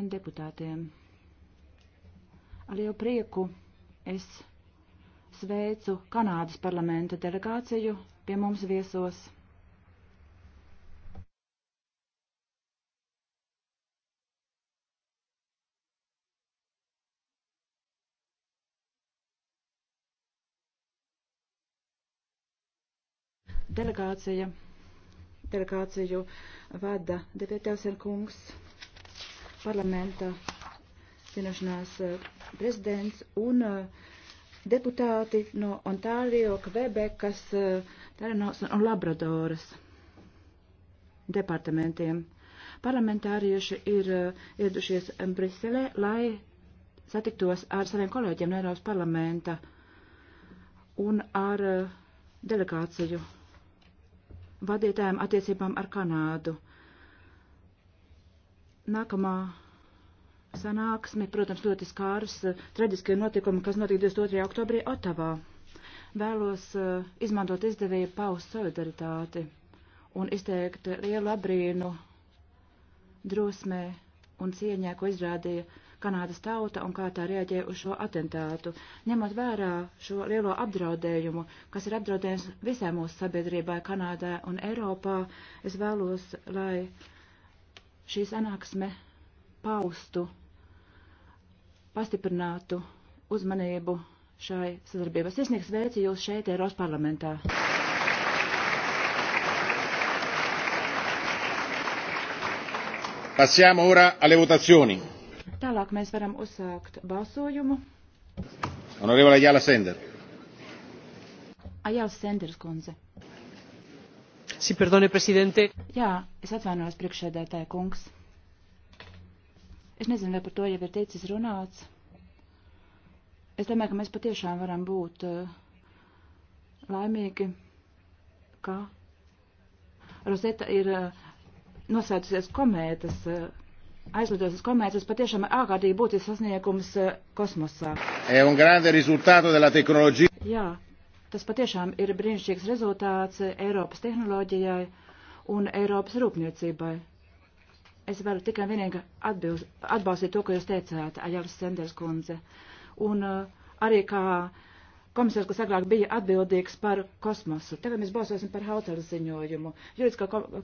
un deputātiem. Ar lielu prieku es sveicu Kanādas parlamenta delegāciju pie mums viesos. Delegācija, delegāciju vada Devietēvsen kungs parlamenta vienošanās eh, prezidents un eh, deputāti no Ontārio, Kvebekas, eh, Taranos un Labradoras departamentiem. Parlamentārieši ir ieradušies Briselē, lai satiktos ar saviem kolēģiem no Eiropas parlamenta un ar delegāciju vadītājiem attiecībām ar Kanādu. Nākamā sanāksme, protams, ļoti skārs eh, traģiskie notikumi, kas notika 22. oktobrī Otavā. Vēlos eh, izmantot izdevību paust solidaritāti un izteikt lielu abrīnu drosmē un cieņā, ko izrādīja Kanādas tauta un kā tā reaģēja uz šo atentātu, ņemot vērā šo lielo apdraudējumu, kas ir apdraudējums visai mūsu sabiedrībai Kanādā un Eiropā, es vēlos, lai šī sanāksme paustu, pastiprinātu uzmanību šai sadarbībai. Sisnieks veici jūs šeit Eiros parlamentā. Passiamo ora alle votazioni. Tālāk mēs varam uzsākt balsojumu. Onorevole Jāla Sender. Ajāls Senders kundze. Sí, perdone, prezidente. Jā, es atvainojos priekšsēdētāja kungs. Es nezinu, vai par to jau ir teicis runāts. Es domāju, ka mēs patiešām varam būt uh, laimīgi, ka Rosetta ir uh, eh, noslēdusies komētas, uh, eh, aizlidosies komētas, patiešām ārkārtīgi būtisks sasniegums uh, kosmosā. Jā, Tas patiešām ir brīnišķīgs rezultāts Eiropas tehnoloģijai un Eiropas rūpniecībai. Es varu tikai vienīgi atbilst, atbalstīt to, ko jūs teicāt, Aļavas Senders kundze. Un uh, arī kā komisārs, kas agrāk bija atbildīgs par kosmosu. Tagad mēs balsosim par Hautaras ziņojumu. Juridiskā